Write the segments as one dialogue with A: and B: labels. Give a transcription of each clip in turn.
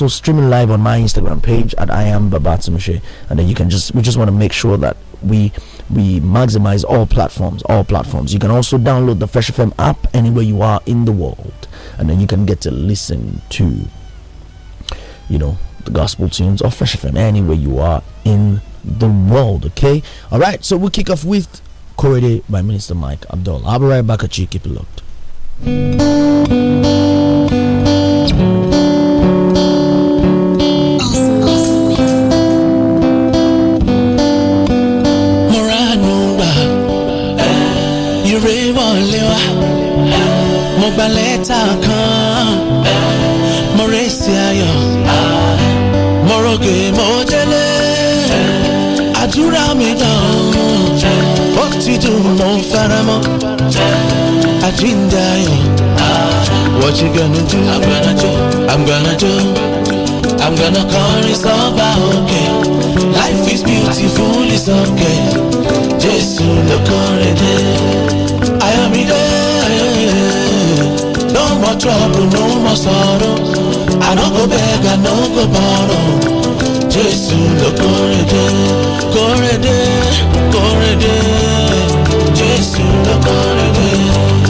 A: So streaming live on my Instagram page at I am Babatunde, and then you can just we just want to make sure that we we maximize all platforms, all platforms. You can also download the Fresh FM app anywhere you are in the world, and then you can get to listen to, you know, the gospel tunes or Fresh FM anywhere you are in the world. Okay, all right. So we'll kick off with Korede by Minister Mike Abdul. I'll be right back at you. Keep it locked.
B: I dream dying. What you gonna do? I'm gonna do. I'm gonna do. I'm gonna call it's all okay. Life is beautiful, it's okay. Jesu the corridor. I am in there. No more trouble, no more sorrow. I don't go beg, I don't go borrow. Jesu the corridor. Corridor, corridor. Jesu the corridor.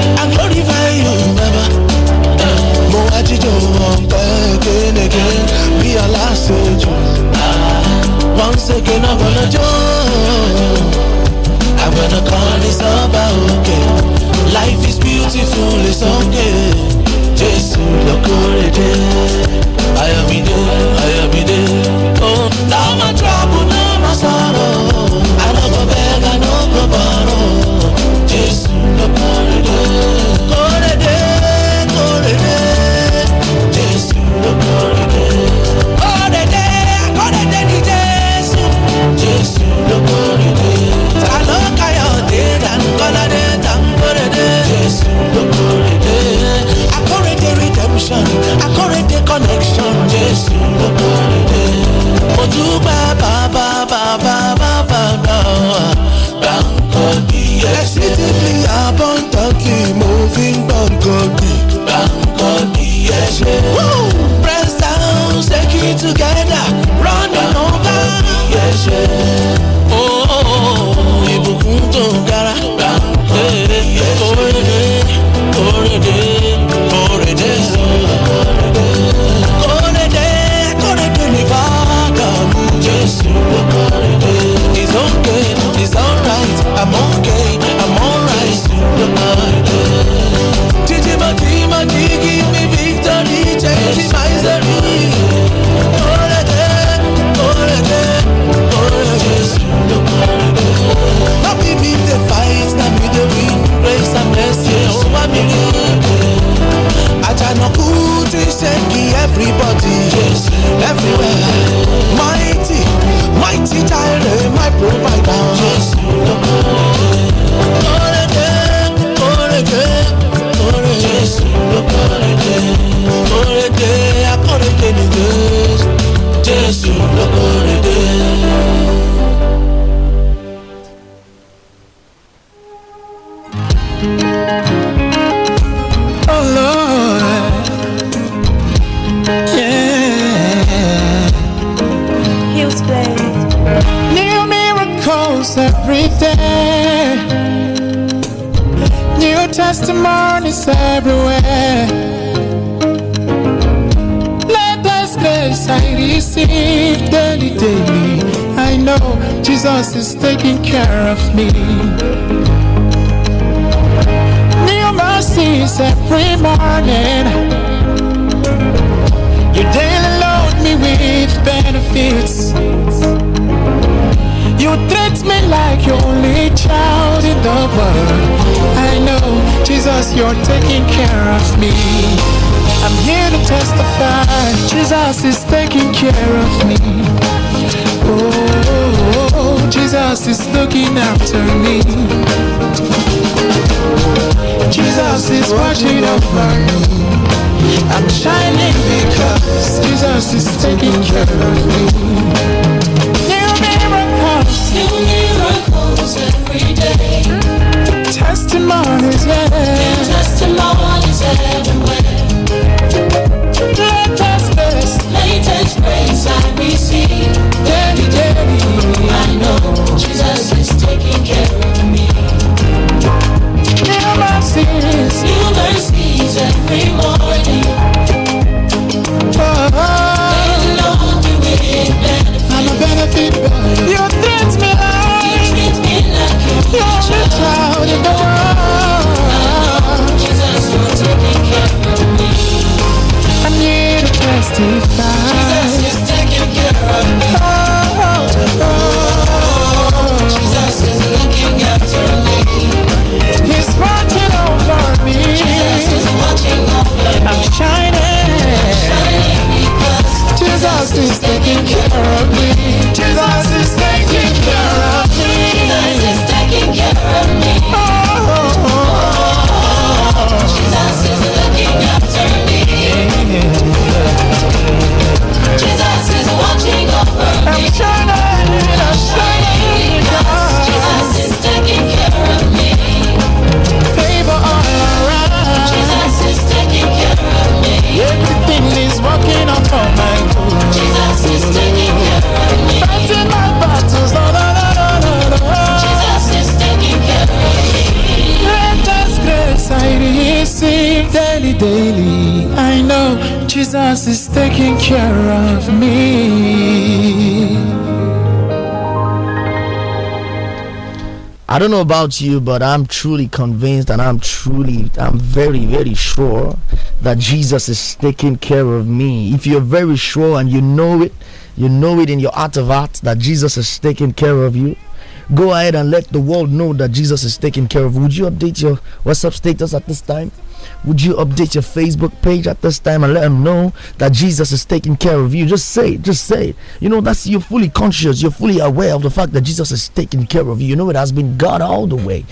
B: Once again, I wanna jump. I wanna call this up, okay. Life is beautiful, it's okay. Jesus, look already. I am in you, I am ọ̀túnba bàbá bàbá bàbá bàbá bàǹkọ̀bì. Excitedly abọ́n tọ́kì mo Press down, it together. my
C: I'm shining because Jesus is taking care of me.
A: don't know about you, but I'm truly convinced and I'm truly, I'm very, very sure that Jesus is taking care of me. If you're very sure and you know it, you know it in your heart of heart that Jesus is taking care of you go ahead and let the world know that Jesus is taking care of. Would you update your WhatsApp status at this time? Would you update your Facebook page at this time and let them know that Jesus is taking care of you? Just say just say You know, that's you're fully conscious, you're fully aware of the fact that Jesus is taking care of you. You know, it has been God all the way.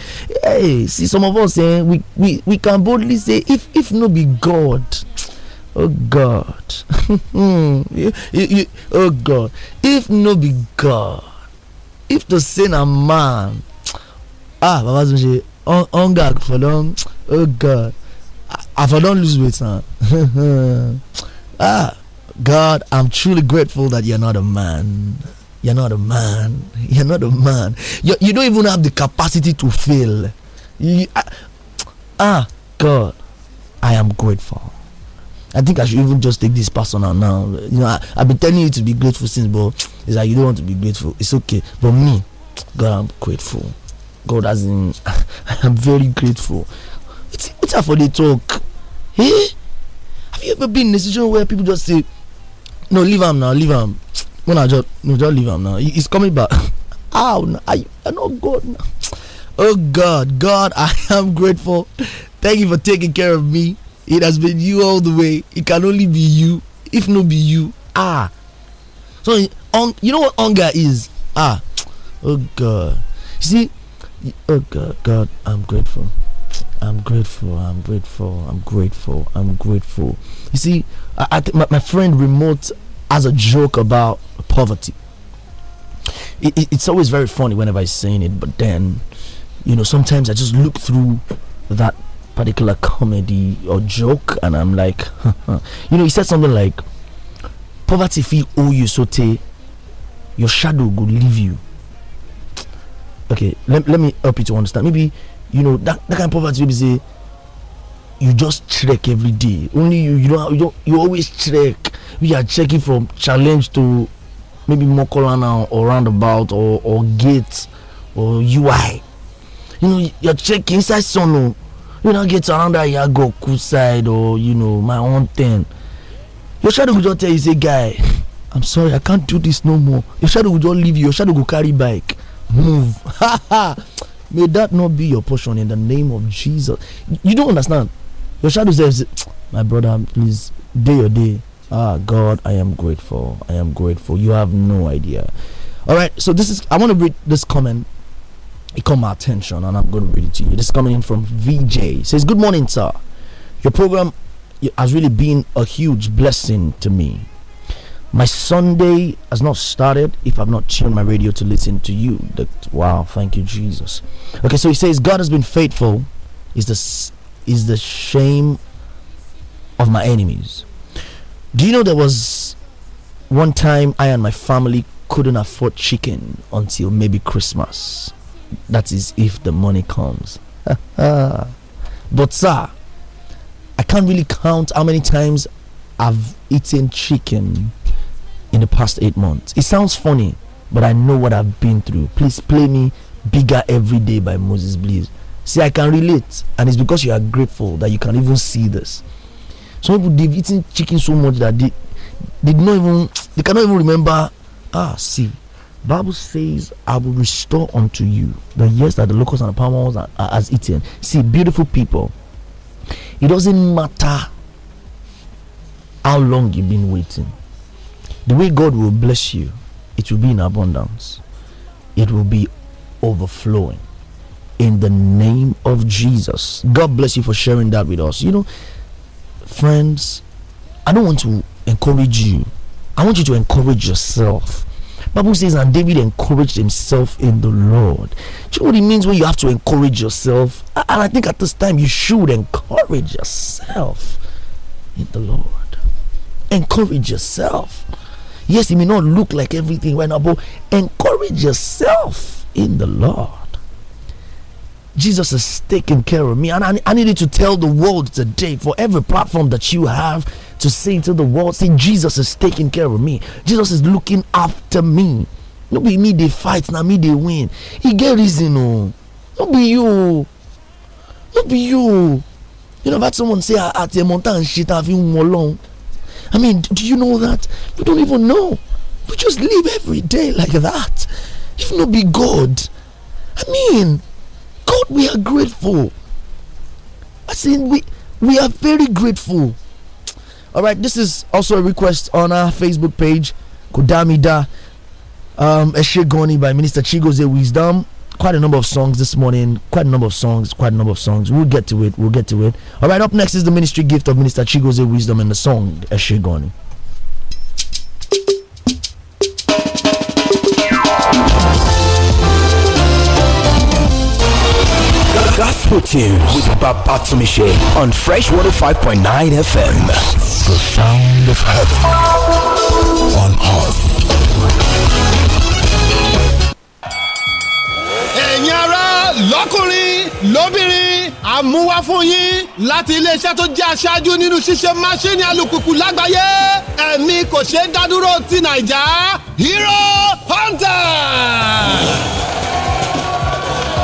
A: Hey, see, some of us eh, we, we we can boldly say, if if no be God, oh God, hmm, you, you, oh God, if no be God if to say na man ah baba zunje hunger for don oh god ah, i for don lose weight now ah god i'm truly grateful that you're not a man you're not a man you're not a man you, you don't even have the capacity to fail you, ah, ah god i am grateful I think I should even just take this personal now. You know, I, I've been telling you to be grateful since, but it's like you don't want to be grateful. It's okay. But me, God, I'm grateful. God, has, in, I'm very grateful. It's, better for the talk. Hey, eh? have you ever been in a situation where people just say, no, leave him now, leave him. When I just, no, just leave him now. He, he's coming back. Ow, no, I, am not God now. Oh, God, God, I am grateful. Thank you for taking care of me. It has been you all the way. It can only be you. If not be you, ah. So on, you know what hunger is? Ah. Oh God. See, oh God, God, I'm grateful. I'm grateful. I'm grateful. I'm grateful. I'm grateful. You see, I, I my, my friend remote has a joke about poverty. It, it, it's always very funny whenever i saying it, but then, you know, sometimes I just look through that particular comedy or joke, and I'm like, you know, he said something like, "Poverty fee owe you so te, your shadow will leave you." Okay, let, let me help you to understand. Maybe you know that, that kind of poverty will say you just trek every day. Only you, you know, you, you always trek. We are checking from challenge to maybe Mokola now or roundabout or or gate or UI. You know, you're checking inside Sono you know get around that yagoku side or you know my own thing your shadow go just tell you say guy i'm sorry i can't do this no more your shadow go just leave you your shadow go carry bike move may that not be your portion in the name of jesus you don't understand your shadow says my brother please day your day ah god i am grateful i am grateful you have no idea all right so this is i want to read this comment it caught my attention and I'm going to read it to you. This is coming in from VJ. It says, Good morning, sir. Your program has really been a huge blessing to me. My Sunday has not started if I've not tuned my radio to listen to you. That, wow, thank you, Jesus. Okay, so he says, God has been faithful, is the, is the shame of my enemies. Do you know there was one time I and my family couldn't afford chicken until maybe Christmas? That is if the money comes. but sir, I can't really count how many times I've eaten chicken in the past eight months. It sounds funny, but I know what I've been through. Please play me bigger every day by Moses Bliss. See, I can relate, and it's because you are grateful that you can even see this. Some people they've eaten chicken so much that they did not even they cannot even remember. Ah, see, Bible says, I will restore unto you the years that the locusts and the palm are has eaten. See, beautiful people, it doesn't matter how long you've been waiting. The way God will bless you, it will be in abundance, it will be overflowing. In the name of Jesus. God bless you for sharing that with us. You know, friends, I don't want to encourage you. I want you to encourage yourself Bible says, and David encouraged himself in the Lord. Do you know what it means when you have to encourage yourself? And I think at this time you should encourage yourself in the Lord. Encourage yourself. Yes, it may not look like everything right now, but encourage yourself in the Lord. Jesus is taking care of me, and I, I needed to tell the world today for every platform that you have to say to the world, see, Jesus is taking care of me. Jesus is looking after me. No be me they fight, now me they win. He get reason, oh. No be you. Oh. No be you. Oh. You know, that someone say ah, at the mountain shit have you long. I mean, do you know that? We don't even know. We just live every day like that. If not be God. I mean, God, we are grateful. I say we we are very grateful. All right, this is also a request on our Facebook page, Kodamida um, Eshegoni by Minister Chigoze Wisdom. Quite a number of songs this morning. Quite a number of songs. Quite a number of songs. We'll get to it. We'll get to it. All right, up next is the ministry gift of Minister Chigoze Wisdom and the song Eshegoni.
D: Gospel tunes with Babatunde on Fresh 105.9 FM. the sound of heaven on earth.
E: ẹ̀yin ará lọ́kùnrin lóbìnrin àmúwá fún yín láti iléeṣẹ́ tó jẹ́ aṣáájú nínú ṣíṣe máṣíìnì alùpùpù lágbàáyé ẹ̀mí kò ṣeé dádúró ti nàìjà Hero Hunter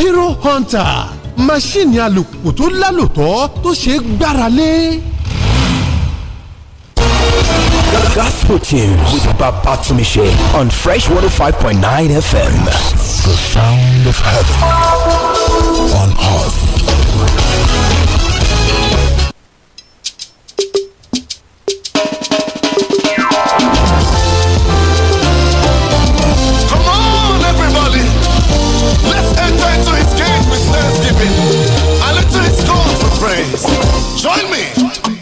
E: hero hunter máṣíìnì alùpùpù tó lálòtọ́ tó ṣeé gbára
D: Gospel tunes with Babatumishe on Fresh 105.9 FM. The sound of heaven on earth.
B: I look to his call for praise. Join me.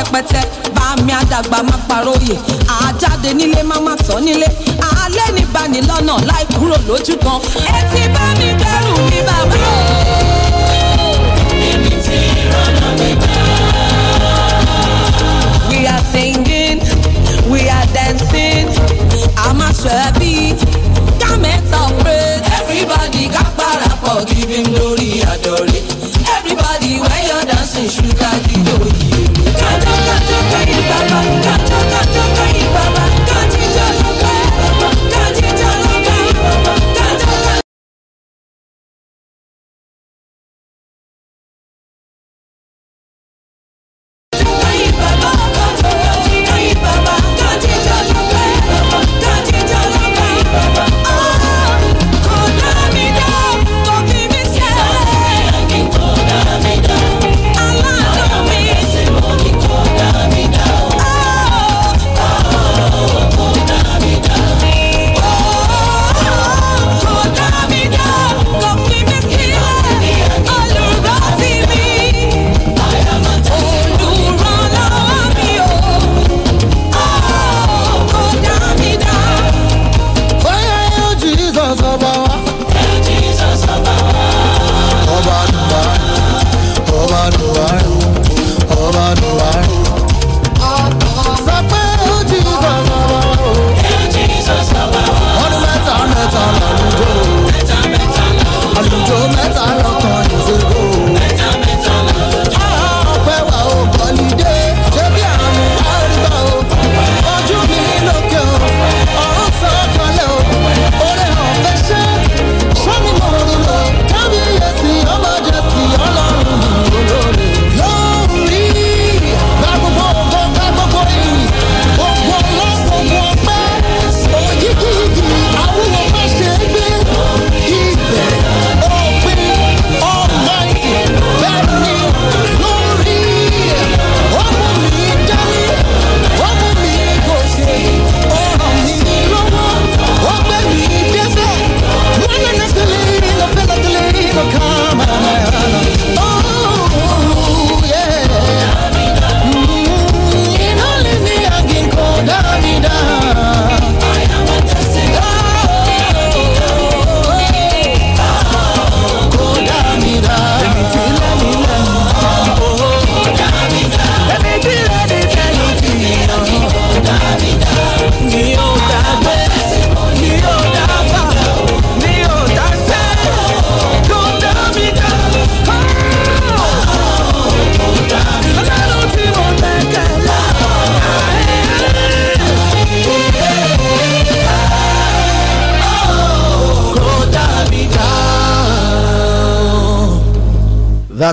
B: rẹpẹtẹ bá mi àdàgbà má paróyè àjáde
E: nílé má má tọ́ nílé alẹ́ ní bani lọ́nà láì kúrò lójú kan ẹ bá mi dẹrù mi bàbá
B: we are singing we are dancing àmàṣẹ́bí ká mẹ́ta praise. everybody ká parapọ̀ giving glory adore. everybody when you're dancing sugar kí lóye. Bang, bang, bang.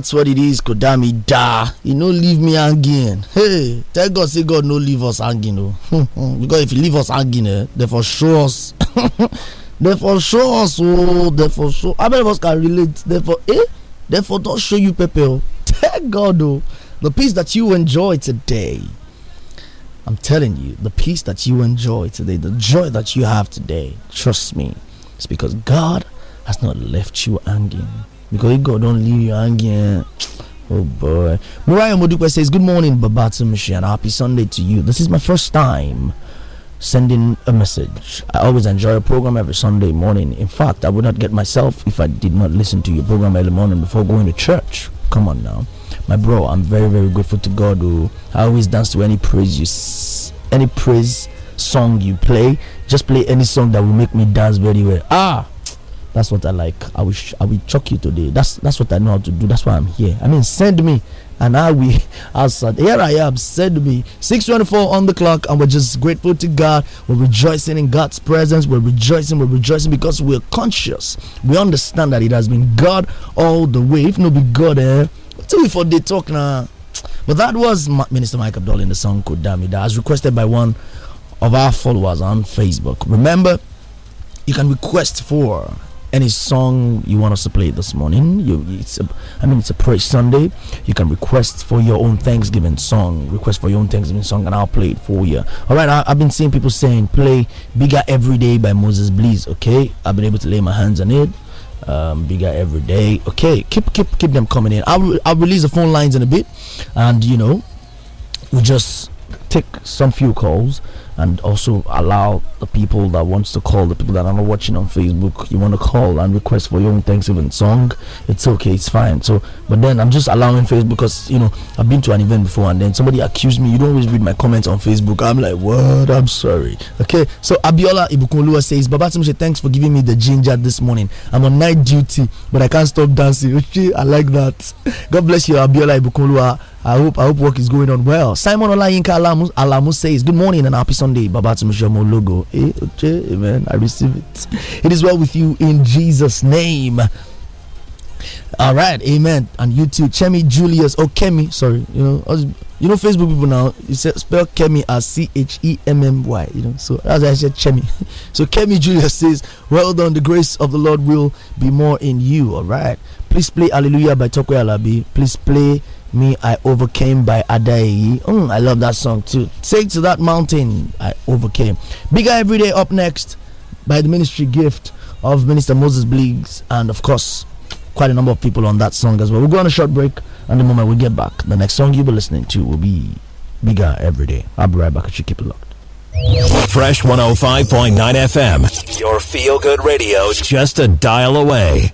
A: that's what it is kodami da you no leave me hanging hey tell god say god no leave us hanging
B: oh.
A: because if you leave us hanging eh they for show us they for show us oh. they for show how many of us can relate they for eh they for don't show you pepper oh. tell god oh. the peace that you enjoy today i'm telling you the peace that you enjoy today the joy that you have today trust me it's because god has not left you hanging because if God don't leave you hanging. Oh boy. Mariah Modukwe says, Good morning, Babatu and Happy Sunday to you. This is my first time sending a message. I always enjoy your program every Sunday morning. In fact, I would not get myself if I did not listen to your program early morning before going to church. Come on now. My bro, I'm very, very grateful to God who I always dance to any praise you s- any praise song you play. Just play any song that will make me dance very well. Ah, that's what I like. I will I will chuck you today. That's that's what I know how to do. That's why I'm here. I mean, send me, and I will answer. Here I am. Send me. 6:24 on the clock, and we're just grateful to God. We're rejoicing in God's presence. We're rejoicing. We're rejoicing because we're conscious. We understand that it has been God all the way. If not be God, eh? Till we for the talk now. But that was Minister Mike Abdul in the song Kodami that as requested by one of our followers on Facebook. Remember, you can request for any song you want us to play this morning you it's a, i mean it's a praise sunday you can request for your own thanksgiving song request for your own thanksgiving song and i'll play it for you all right I, have been seeing people saying play bigger every day by moses Bleeze. okay i've been able to lay my hands on it um, bigger every day okay keep keep keep them coming in i'll, I'll release the phone lines in a bit and you know we just take some few calls and also allow the people that wants to call the people that are not watching on facebook you want to call and request for your own thanksgiving song it's okay it's fine so but then i'm just allowing facebook because you know i've been to an event before and then somebody accused me you don't always read my comments on facebook i'm like what i'm sorry okay so abiola ibukunlua says babatunde thanks for giving me the ginger this morning i'm on night duty but i can't stop dancing i like that god bless you abiola ibukunlua I hope I hope work is going on well. Simon Olayinka Alamu, Alamu says, Good morning and happy Sunday, Babatunushomo logo. Eh, okay, amen. I receive it. It is well with you in Jesus' name. All right, amen. And you too, Chemi Julius. Oh, Kemi, sorry. You know, was, you know, Facebook people now. You said spell Kemi as C H E M M Y. You know, so as I said, Chemi. So Kemi Julius says, "Well done. The grace of the Lord will be more in you." All right. Please play Hallelujah by Tokwe Alabi. Please play me i overcame by adai mm, i love that song too take to that mountain i overcame bigger every day up next by the ministry gift of minister moses bleeks and of course quite a number of people on that song as well we'll go on a short break and the moment we get back the next song you'll be listening to will be bigger every day i'll be right back you keep it locked fresh 105.9 fm
D: your feel good radio
A: just a dial away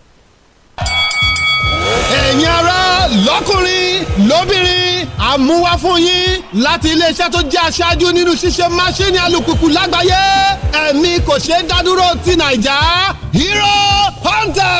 E: hey, Nyara, luckily lóbìnrin àmúwá fún yín láti iléeṣẹ́ tó jẹ́ aṣáájú nínú ṣíṣe máṣíìnì alùpùpù lágbàáyé ẹ̀mí kò ṣeé dádúró ti nàìjà Hero Hunter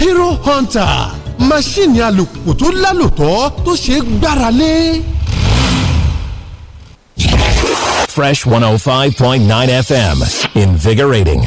E: Hero Hunter alùpùpù tó lálòtọ́
D: tó Fresh 105.9 FM invigorating.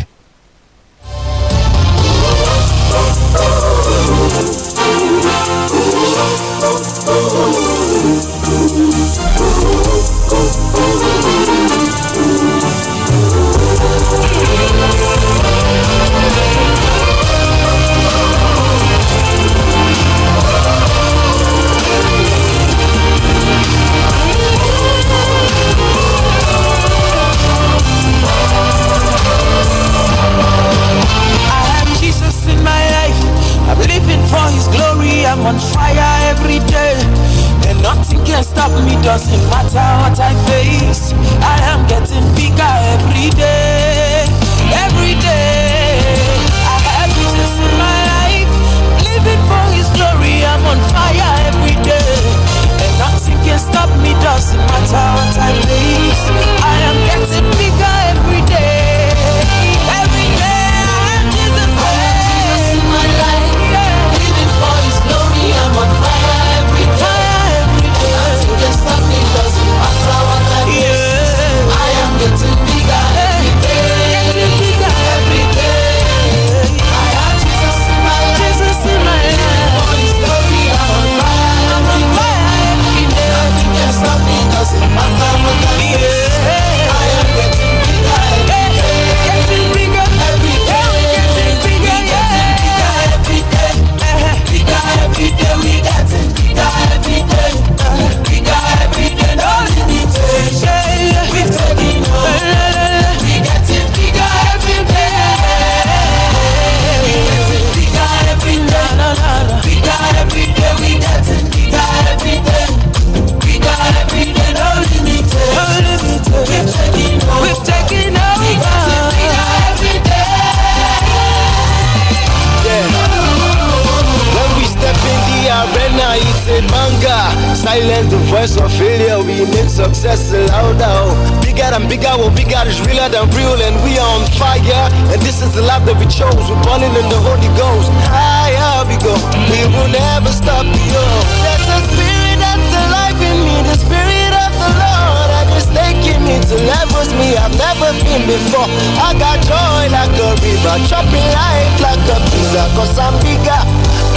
A: So failure, we make success allowed out. Bigger and bigger, what we got is realer than real, and we are on fire. And this is the life that we chose. We're
B: burning in the Holy Ghost. Higher we go, we will never stop. Yo, that's the spirit that's alive in me, the spirit of the Lord been taking me to levels me I've never been before. I got joy like a river, chopping life like a pizza. Cause I'm bigger,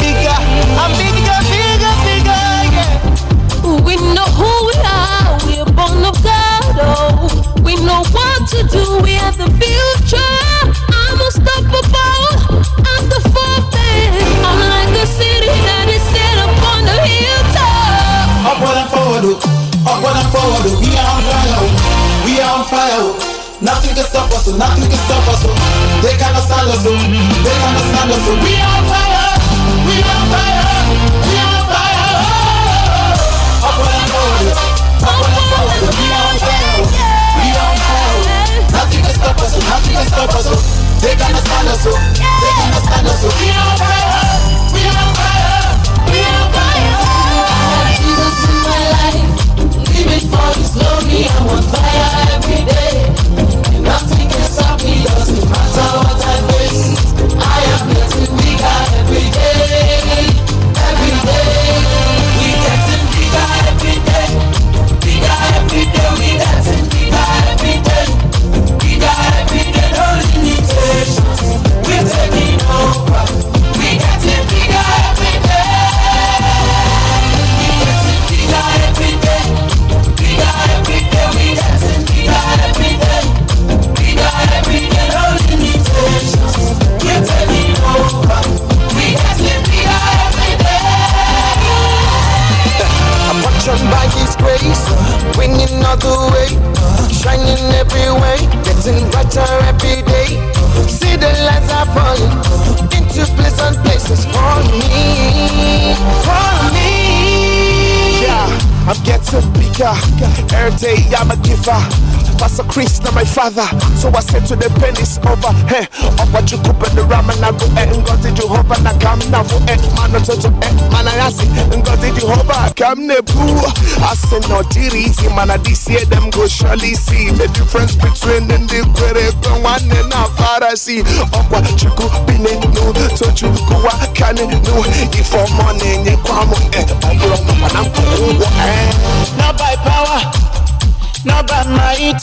B: bigger, I'm bigger know who we are, we're born of God, oh. We know what to do, we are the future. I'm unstoppable, I'm the fountain. I'm like a city that is set up on the hilltop.
C: Upward and forward, oh. upward and forward, oh. we are on fire, oh. we are on fire. Oh. Nothing can stop us, oh. nothing can stop us. Oh. They cannot stand us, oh. they cannot stand us. Oh. We are on fire, we are on fire.
B: we on We
C: on Nothing can stop us, nothing can stop us. They us, they us. We on fire, we on fire, we on fire.
B: I have Jesus in my life. Living for His glory, I'm on fire every day. nothing can stop me, doesn't matter what I face. I am over. Pastor
E: Chris, now my father. So I said to the pen is over. Hey, Opa Chukup and the Raman, I go and eh, got it Jehovah, and I come now for it. Man, I'm to it. Eh, man, I ask it. And got it Jehovah, I come nebu. I said, no, Diri, man, I this year them go surely see the difference between and the great one and a parasi. Opa Chukup, Pine, no, to Chukua, can it no. If for money, you come on, eh, I'm wrong,
C: and I'm cool. Not by power not by might,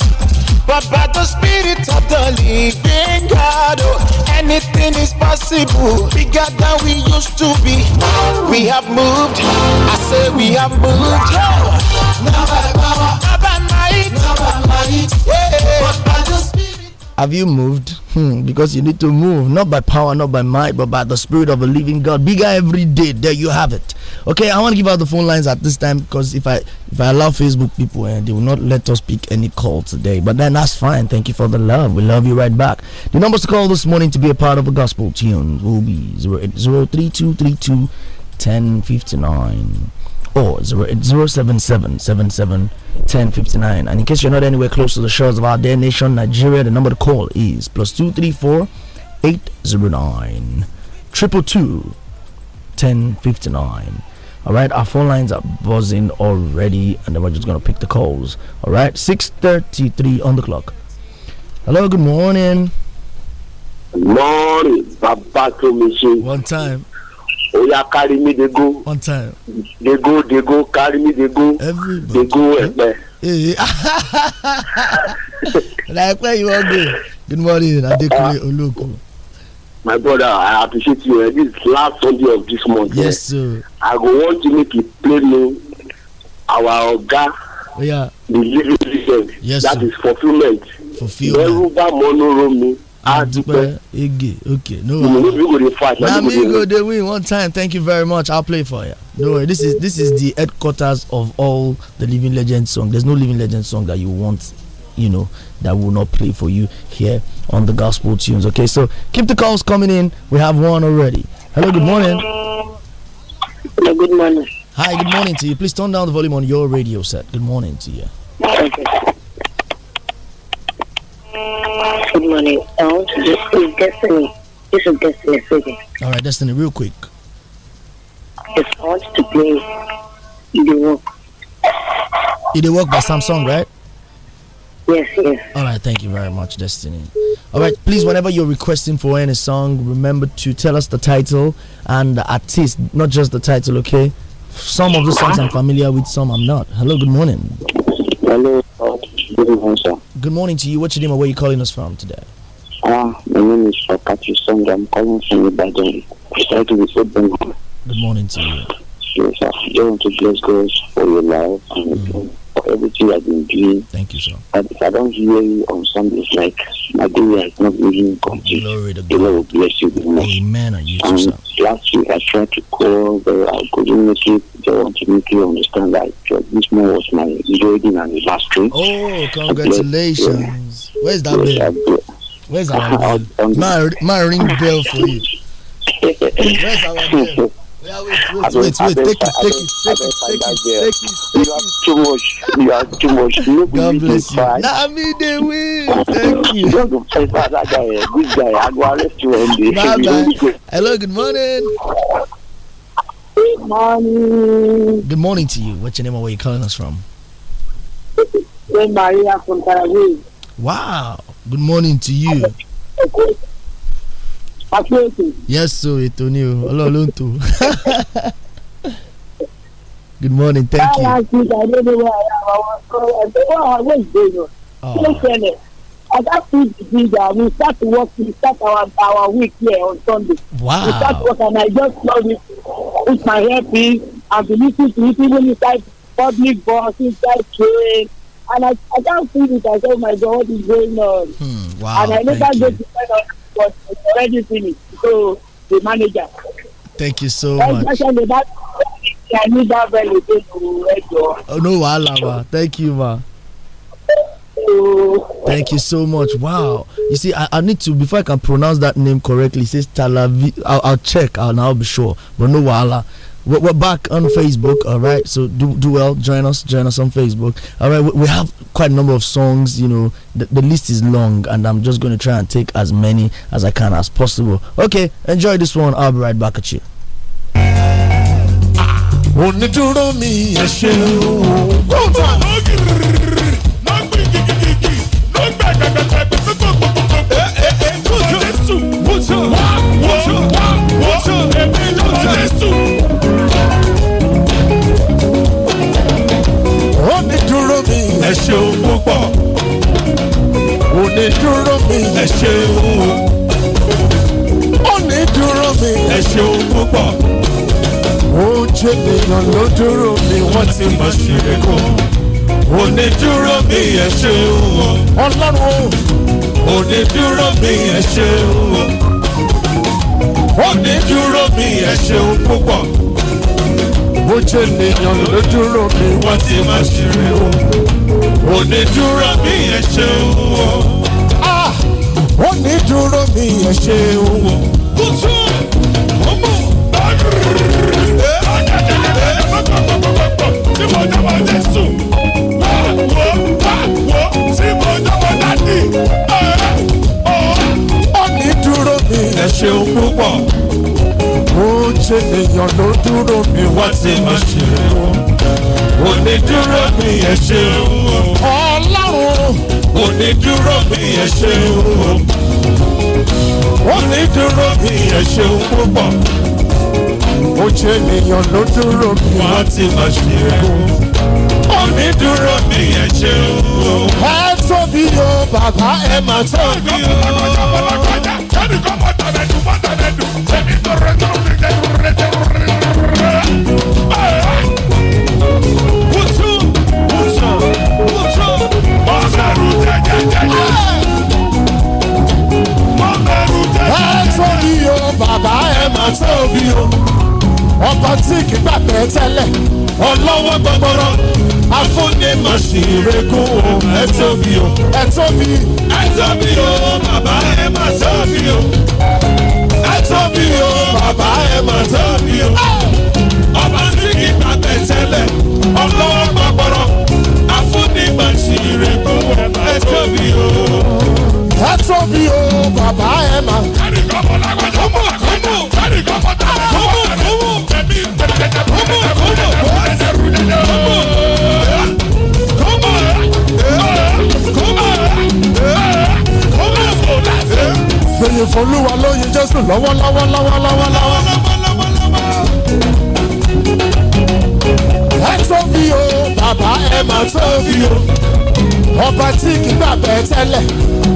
C: but by the Spirit of the living God. Oh, anything is possible, bigger than we used to be. We have moved, I say we have moved. Oh. Not by power, not by might, not by might, yeah.
A: Have you moved? Hmm, because you need to move, not by power, not by might, but by the Spirit of a living God. Bigger every day. There you have it. Okay, I want to give out the phone lines at this time because if I if I allow Facebook people, and eh, they will not let us pick any call today. But then that's fine. Thank you for the love. We love you right back. The numbers to call this morning to be a part of a gospel tune will be 0803232 or 1059. And in case you're not anywhere close to the shores of our dear nation, Nigeria, the number to call is plus 234 1059. All right, our phone lines are buzzing already, and then we're just gonna pick the calls. All right, 6:33 on the clock. Hello, good morning. Morning,
D: One time. oya carry me dey go dey go dey go carry me dey go dey go ẹgbẹ.
A: láìpẹ́ yìí wọ́n gbé good morning adekunle ah. olóko.
D: my brother i appreciate you eh, this last sunday of this month. yes sir. i go want to make you play me our oga. Oh, yeah. the living legend. yes that is fulfilment. fulfilment. yorùbá mọ́nú
A: Adupe ah, Ige. Okay, no worries. Namigo they win one time. Thank you very much. I'll play for you. No worry. This is this is the headquarters of all the Living Legend song. There's no Living Legend song that you want, you know, that will not play for you here on the gospel tunes. Okay, so keep the calls coming in. We have one already. Hello, good morning.
B: Hello,
A: good morning. Hi, good morning to you. Please turn down the volume on your radio set. Good morning to you.
D: Okay. Good morning. Um, this is Destiny. This is Destiny
A: speaking. All right, Destiny, real quick. It's hard to play the work. It will work by Samsung, right? Yes, yes. All right, thank you very much, Destiny. All right, please, whenever you're requesting for any song, remember to tell us the title and the artist, not just the title, okay? Some of the songs I'm familiar with, some I'm not. Hello, good morning.
D: Hello. Good morning, sir.
A: Good morning to you. What's your name and where are you calling us from today?
D: Ah, my name is Fakati Song. I'm calling from Ibadan. Precisely with Bengal. Good morning to you. Yes, sir. I want to bless God for your life and mm for everything I've been doing. Thank you, sir. And if I don't hear you on Sundays, like my day has not even complete. Glory to God. The Lord will bless you. much. Amen. I you last week I tried to call, but I couldn't make it. They want to make you understand that this man was my reading and his last trip. Oh, congratulations.
A: Yeah. Where's that yes, bell? Where's that bell? My, my ring bell for you. Where's our I wait, wait, wait, take it, take
D: it, take have too much. You have too much. No, God bless you. the
A: first eh, Hello. Good morning. Good morning. Good morning to you. What's your name and where you calling us from? Maria from Karagwe. Wow. Good morning to you yes so ètò ni o ọlọ́run ló ń tò. good morning thank you. báyà
D: ti ìdàgbé ni wọ́n àwọn ẹgbẹ́ wọn àwọn ìgbé yàn ah. kí ló ṣẹlẹ̀ ọ̀gá fún ìdìbò ìjà we start to work we start our our week here on sunday. wow we start work and i just love it with my happy and the lis ten to it even inside public bus inside train and i i can't feel it i say oh my god is going on.
A: Hmm, wow and i never go
D: to find out but it's already finished. So the manager.
A: Thank you so much. Oh no, wàhálà Thank you ma. Thank you so much. Wow. You see, I, I need to, before I can pronounce that name correctly, it says Talavi. I'll, I'll check and I'll, i be sure. But no, voila we're, back on Facebook. All right, so do do well. Join us. Join us on Facebook. All right, we, have quite a number of songs. You know, the, the list is long, and I'm just going to try and take as many as I can as possible. Okay, enjoy this one. I'll be right back at you.
D: ẹ ṣeun oni duro mi ẹ oni duro mi ẹ ṣeun púpọ̀ oúnjẹ ènìyàn ló dúró mi wọ́n ti mọ̀ sí ẹ̀kọ́ onídúró mi ẹ ṣeun ọlọ́run onídúró mi ẹ oni duro mi ẹ ṣeun púpọ̀. bójú ni ló dúró mi wọ́n ti máa ṣeré o onídúró ah! mi yẹn ṣe owó. onídúró mi yẹn ṣe owó. kùtù ọmọ ah!
B: tí mo dábọ̀ jésù láwo ah! láwo tí mo dábọ̀
D: dádì. duro mi yẹn ṣe owó púpọ̀. ṣe èèyàn ló dúró mi wá tí mà ṣe o onídúró mi ẹ ṣé o ọlọ́run onídúró mi ẹ ṣé o onídúró mi ẹ ṣé o púpọ̀ ó ṣe èèyàn ló dúró mi wá tí mà ṣe o onídúró mi ẹ ṣé o ẹ tóbi o bàbá ẹ mà tóbi o. ¿Sabes cómo te ves?
B: come on ves? Se me corre, corre, corre, corre, corre.
D: lọ́wọ́lọ́wọ́ lọ́wọ́lọ́wọ́ lọ́wọ́. ẹ tó fi o bàbá ẹ máa tó fi o ọba tí kì í gbàgbẹ́
B: tẹ́lẹ̀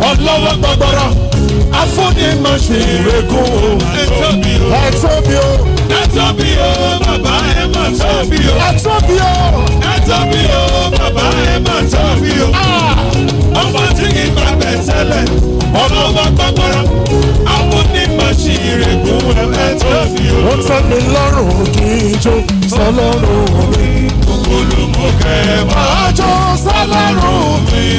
B: ọlọ́wọ́ gbọgbọrọ afúnni máa ṣe ìrẹ́gùn o ẹ tó o ẹ o bàbá ẹ máa tó o ẹ o
D: ẹ o bàbá ẹ máa tó o ah! ọba tí kì í gbàgbẹ́ tẹ́lẹ̀ ọlọ́wọ́ gbọgbọrọ afúnni ṣì rẹ̀kún ẹgbẹ́ tó fi òru. ó tẹ́ mi lọ́rùn kí n jó sọlọ́run mi.
B: gbogbo máa jó sọlọ́run mi.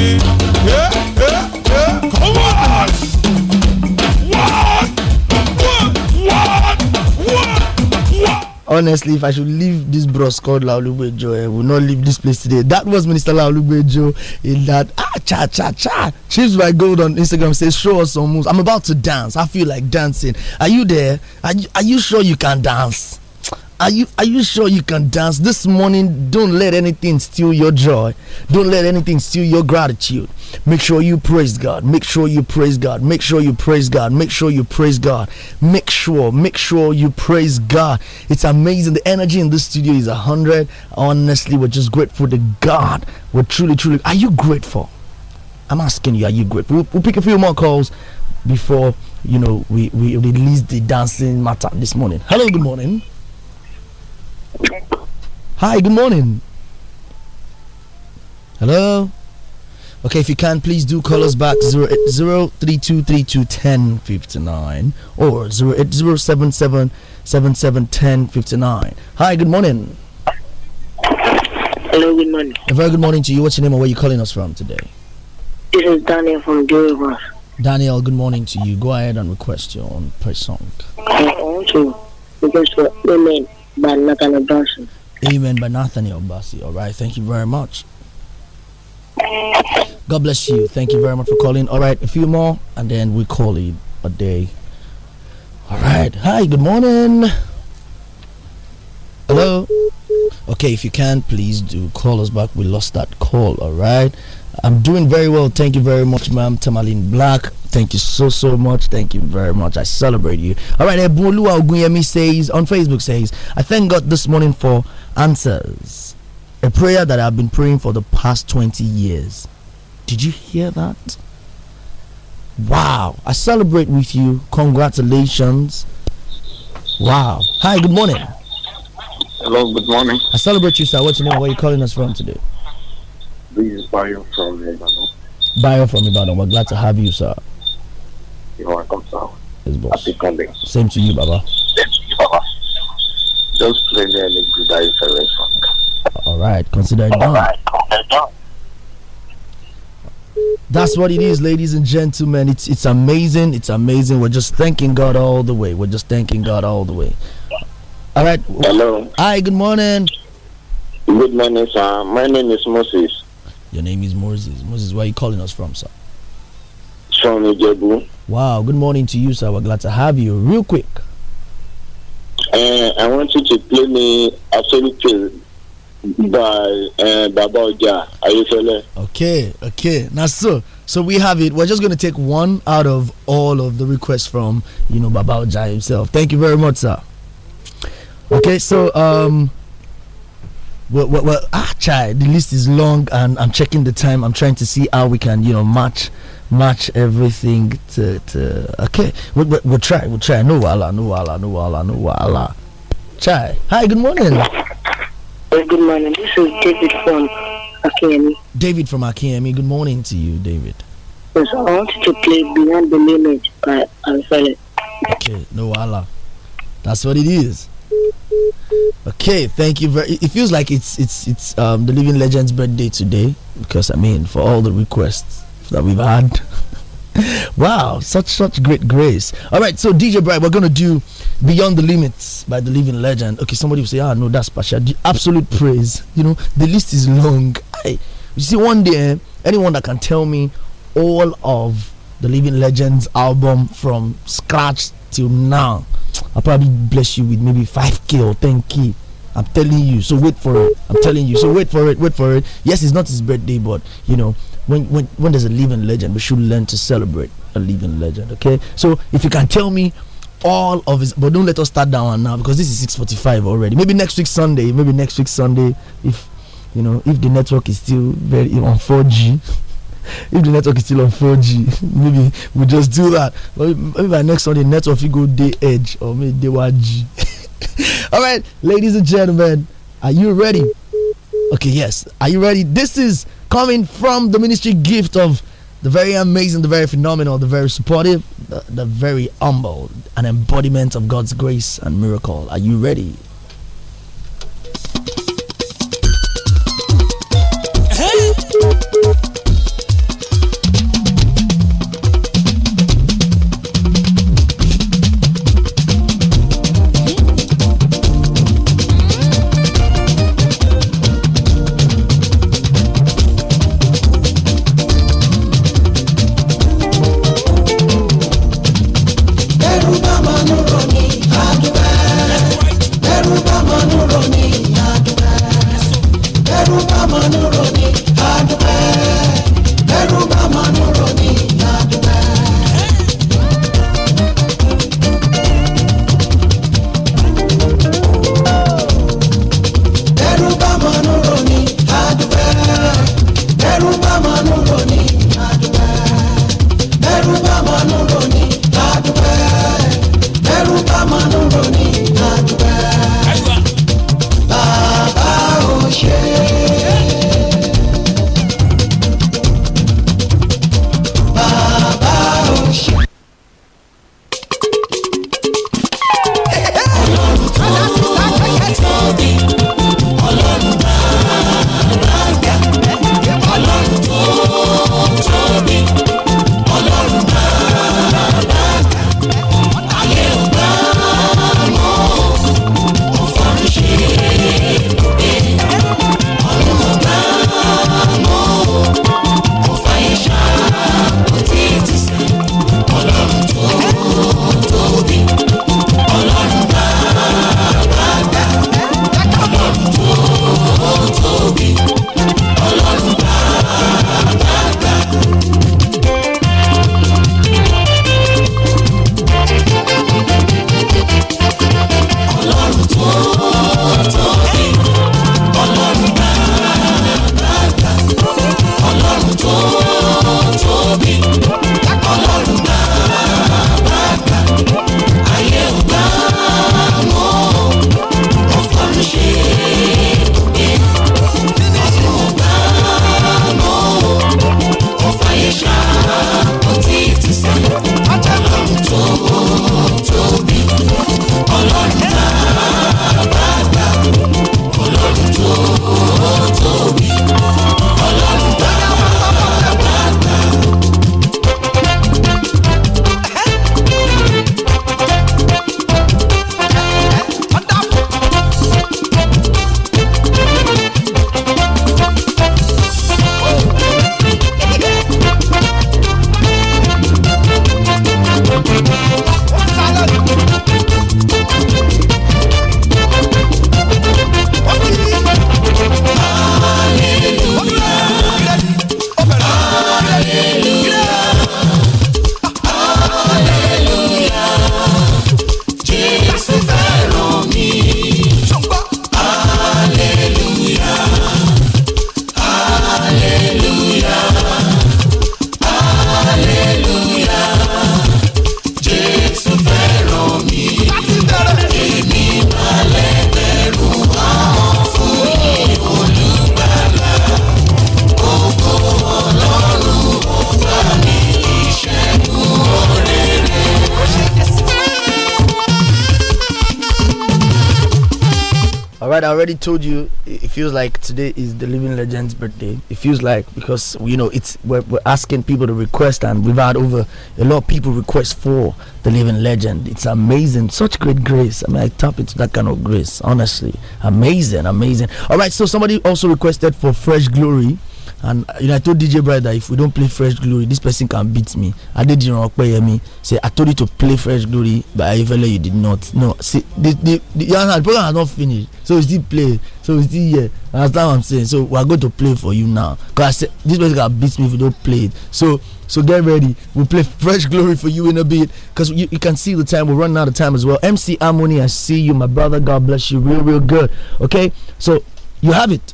A: honestly if i should leave this bros called laolugbejo i eh, will not leave this place today that was minister laolugbejo in that cha cha cha. Chips my Gold on Instagram says, Show us some moves. I'm about to dance. I feel like dancing. Are you there? Are you, are you sure you can dance? Are you are you sure you can dance this morning? Don't let anything steal your joy. Don't let anything steal your gratitude. Make sure you praise God. Make sure you praise God. Make sure you praise God. Make sure you praise God. Make sure, make sure you praise God. It's amazing. The energy in this studio is a hundred. Honestly, we're just grateful to God. We're truly, truly. Are you grateful? I'm asking you, are you grateful? We'll, we'll pick a few more calls before you know we, we release the dancing matter this morning. Hello, good morning. Hi, good morning. Hello. Okay, if you can, please do call us back 08032321059 or 08077771059. Hi, good morning.
D: Hello, good morning.
A: A very good morning to you. What's your name and where are you calling us from today?
D: This is Daniel from Gilbert.
A: Daniel, good morning to you. Go ahead and request your own praise song.
D: I want to request for Amen by Nathaniel Bassi.
A: Amen by Nathaniel Bassi. All right, thank you very much. God bless you. Thank you very much for calling. All right, a few more, and then we call it a day. All right. Hi. Good morning. Hello. Okay, if you can, please do call us back. We lost that call. All right. I'm doing very well. Thank you very much, ma'am. Tamaline Black. Thank you so so much. Thank you very much. I celebrate you. All right, Ebunolua Ogunyemi says on Facebook says, I thank God this morning for answers. A prayer that I've been praying for the past 20 years. Did you hear that? Wow. I celebrate with you. Congratulations. Wow. Hi, good morning.
D: Hello, good morning.
A: I celebrate you, sir. What's your name? Where are you calling us from today?
D: Bayo from Ibadan.
A: Bayo from Ibadan, we're glad to have you, sir.
D: You're welcome, sir. Yes, boss. Happy coming.
A: Same to you, Baba.
D: Baba. Just play me any good song.
A: All right, consider it done. All right, consider it done. That's what it is, ladies and gentlemen. It's it's amazing. It's amazing. We're just thanking God all the way. We're just thanking God all the way. All right. Hello. Hi. Good morning. Good morning, sir. My name is Moses. Your name is Moses. Moses, where are you calling us from, sir? Sean Ojebu. Wow, good morning to you, sir. We're glad to have you. Real quick.
D: Uh, I want you to play me Absolutely by uh, Baba Oja Ayefele.
A: Okay, okay. Now, so so we have it. We're just going to take one out of all of the requests from you know Baba Oja himself. Thank you very much, sir. Okay, so um, well, well, well ah, chai. the list is long, and I'm checking the time. I'm trying to see how we can, you know, match match everything to, to okay. we we we'll try, we'll try. No wala, no wala, no wala, no wala. Chai, hi, good morning.
D: Hey, good morning. This is David from Akiemi.
A: David from Akiemi. Good morning to you, David.
B: Yes, I wanted to play Beyond the Limit by Alfred.
A: Okay, no wala. That's what it is. Okay, thank you very. It feels like it's it's it's um the living legend's birthday today because I mean for all the requests that we've had. wow, such such great grace. All right, so DJ Bright, we're gonna do Beyond the Limits by the Living Legend. Okay, somebody will say, ah no, that's partial. The absolute praise. You know, the list is long. I you see one day anyone that can tell me all of the Living Legends album from scratch till now I'll probably bless you with maybe 5K or 10K. I'm telling you, so wait for it. I'm telling you, so wait for it, wait for it. Yes, it's not his birthday, but you know, when when when there's a living legend, we should learn to celebrate a living legend. Okay, so if you can tell me all of his, but don't let us start down now because this is 6:45 already. Maybe next week Sunday, maybe next week Sunday, if you know if the network is still very on 4G if the network is still on 4G, maybe we just do that. But maybe by next Sunday, network will go day edge or maybe day 1G. All right, ladies and gentlemen, are you ready? Okay, yes, are you ready? This is coming from the ministry gift of the very amazing, the very phenomenal, the very supportive, the, the very humble, an embodiment of God's grace and miracle. Are you ready? already told you it feels like today is the living legend's birthday. It feels like because you know it's we're, we're asking people to request, and we've had over a lot of people request for the living legend. It's amazing, such great grace. I mean, I tap into that kind of grace, honestly. Amazing, amazing. All right, so somebody also requested for fresh glory. And you know, I told DJ Brother if we don't play Fresh Glory, this person can beat me. I did you know, me. Say I told you to play Fresh Glory, but I you did not. No, see the the, the, the program has not finished. So we still play. So we still here. Understand what I'm saying? So we are going to play for you now. Cause I said this person can beat me if we don't play it. So so get ready. We'll play Fresh Glory for you in a bit. Because you, you, can see the time. We're running out of time as well. MC Harmony, I see you, my brother. God bless you. Real, real good. Okay? So you have it.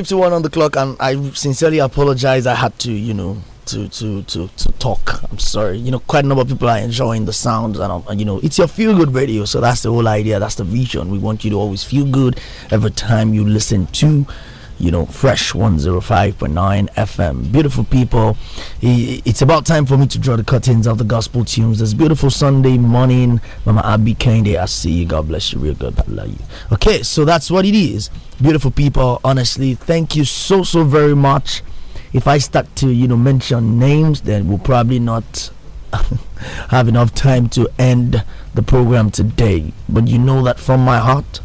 A: 51 on the clock, and I sincerely apologize. I had to, you know, to to to to talk. I'm sorry. You know, quite a number of people are enjoying the sound, and, um, and you know, it's your feel good radio. So that's the whole idea. That's the vision. We want you to always feel good every time you listen to you know, Fresh 105.9 FM. Beautiful people. It's about time for me to draw the curtains of the gospel tunes. This beautiful Sunday morning. Mama Abby Kende, I see you. God bless you. Real good. I love you. Okay, so that's what it is. Beautiful people, honestly, thank you so, so very much. If I start to, you know, mention names, then we'll probably not have enough time to end the program today. But you know that from my heart,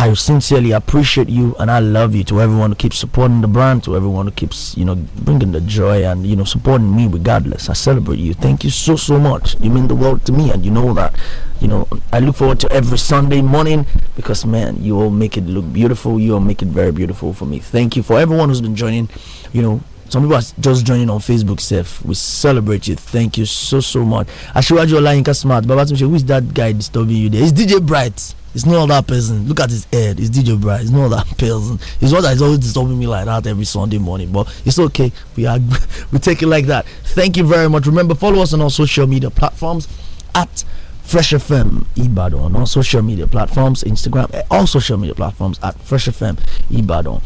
A: I sincerely appreciate you and I love you to everyone who keeps supporting the brand, to everyone who keeps, you know, bringing the joy and, you know, supporting me regardless. I celebrate you. Thank you so, so much. You mean the world to me and you know that. You know, I look forward to every Sunday morning because, man, you all make it look beautiful. You all make it very beautiful for me. Thank you for everyone who's been joining, you know, some people are just joining on Facebook self. We celebrate you. Thank you so so much. Ashiwaju Olayinka Smart, Babatunde, who is that guy disturbing you there? It's DJ Bright. It's not that person. Look at his head. It's DJ Bright. It's not that person. It's what is always disturbing me like that every Sunday morning. But it's okay. We are we take it like that. Thank you very much. Remember, follow us on our social media platforms at Fresh FM Ibadan on all social media platforms, Instagram, eh, all social media platforms at Fresh FM Ibadan.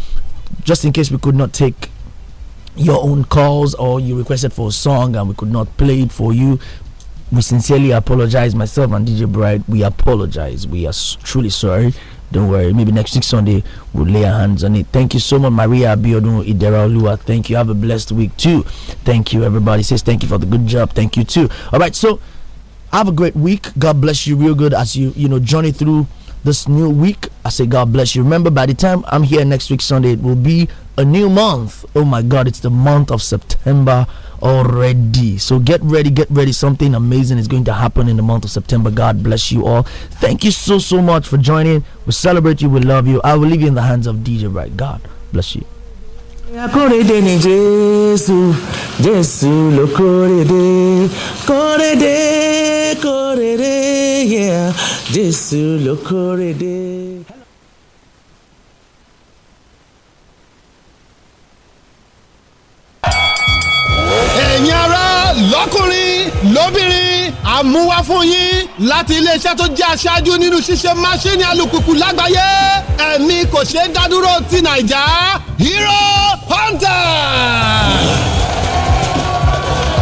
A: Just in case we could not take your own calls or you requested for a song and we could not play it for you. We sincerely apologize, myself and DJ Bright. We apologize. We are truly sorry. Don't worry. Maybe next week Sunday we'll lay our hands on it. Thank you so much, Maria Abiodun Idera Thank you. Have a blessed week too. Thank you, everybody. Says thank you for the good job. Thank you too. All right. So have a great week. God bless you real good as you you know journey through this new week. I say, God bless you. Remember, by the time I'm here next week, Sunday, it will be a new month. Oh my God, it's the month of September already. So get ready, get ready. Something amazing is going to happen in the month of September. God bless you all. Thank you so, so much for joining. We celebrate you, we love you. I will leave you in the hands of DJ Right. God bless you.
D: akórèdè ni jésù jésù ló kórèdè
C: kórèdè kórèdè. yeah. Jésù ló kórè dé. ẹ̀yin ará lọ́kùnrin
E: lóbìnrin àmúwá fún yín láti iléeṣẹ́ tó jẹ́ aṣáájú nínú ṣíṣe máṣíìnì alùpùpù lágbàáyé ẹ̀mí kò ṣeé dádúró ti nàìjà Hero Hunter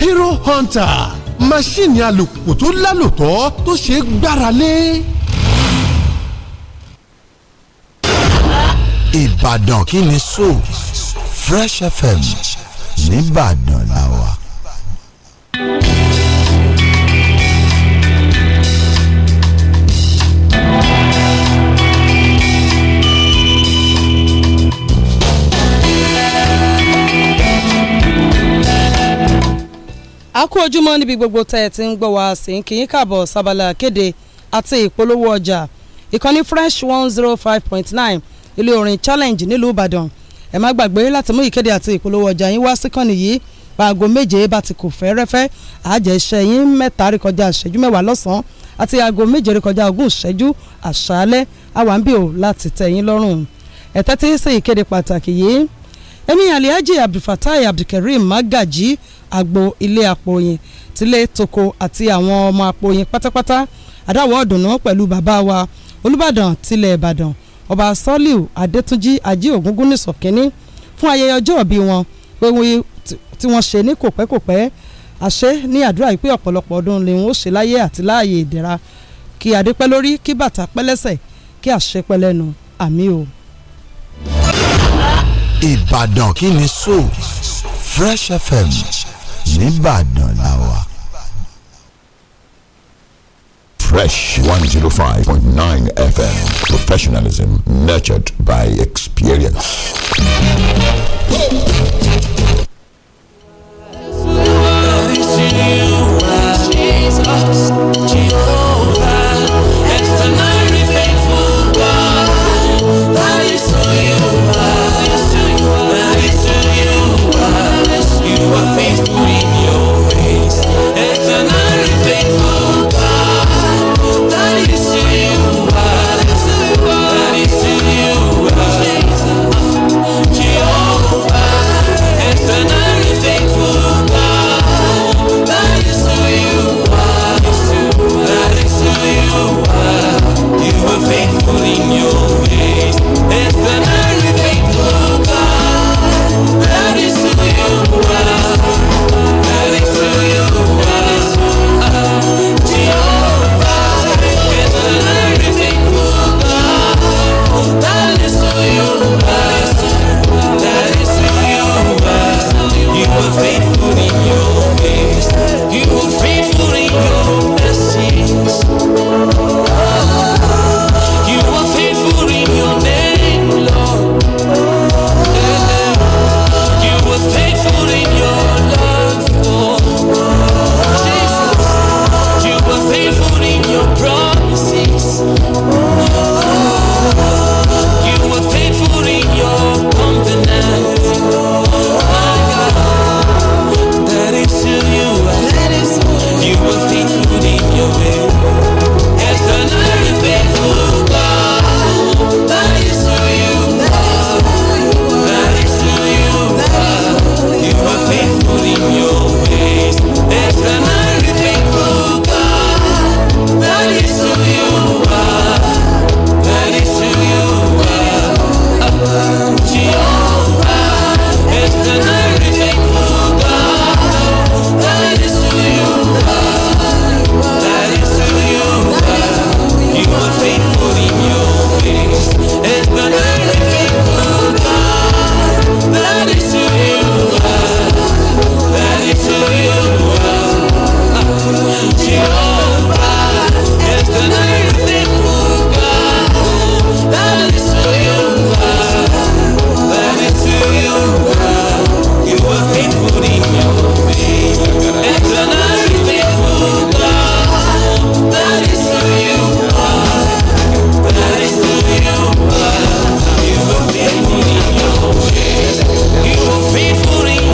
E: hero hunter máṣíìnì alùpùpù tó lálòtọ́ tó ṣe é gbára lé.
D: ìbàdàn kí ni so fresh fm nìbàdàn làwà. thank you
E: a kú ojúmọ́ níbi gbogbo tẹ́ ẹ ti ń gbọ́ wá sí ń kíyín kàbọ̀ sábàlá kéde àti ìpolówó ọjà ìkànnì fresh one zero five point nine ilé orin challenge nílùú ìbàdàn ẹ má gbàgbé láti mú ìkéde àti ìpolówó ọjà yín wá síkànnì yìí paago méje bá ti kù fẹ́rẹ́fẹ́ àjẹsẹ̀ yín mẹ́ta rékọjá ìṣẹ́jú mẹ́wàá lọ́sàn-án àti aago méje rékọjá ogún ìṣẹ́jú àṣálẹ́ àwàǹbíò láti tẹ́ yín lọ́rùn ẹ tẹ́tí sí ìkéde pàtàkì yìí ẹni alihaji abdulfatai abdulkareem magaji agbo ilé apòyìn tilé toko àti àwọn ọmọ apòyìn pátápátá adáwọ̀ ọ̀dùnnú pẹ̀lú bàbá wa olùbàdàn tilẹ̀ ìbàdàn ọba sọ́líù adétúnjì ajé ògúngún nìṣọ̀ kínní fún ayẹyẹ ọjọ́ òbí wọn pé tí wọ́n ṣe ní kòpẹ́kòpẹ́ àṣẹ ní àdúrà yìí pé ọ̀pọ̀lọpọ̀ ọdún ni wọ́n ṣe láyé àti láàyè ìdẹ̀ra kí adé pẹ́ lórí kí bàtà pẹ́ lẹ́sẹ̀ kí àṣẹ pẹ́ àmì o.
D: Ìbàdàn kí ni so Fresh FM nìbàdàn la wà. Fresh 105.9 FM professionalism nurtured by experience.
B: Jesus.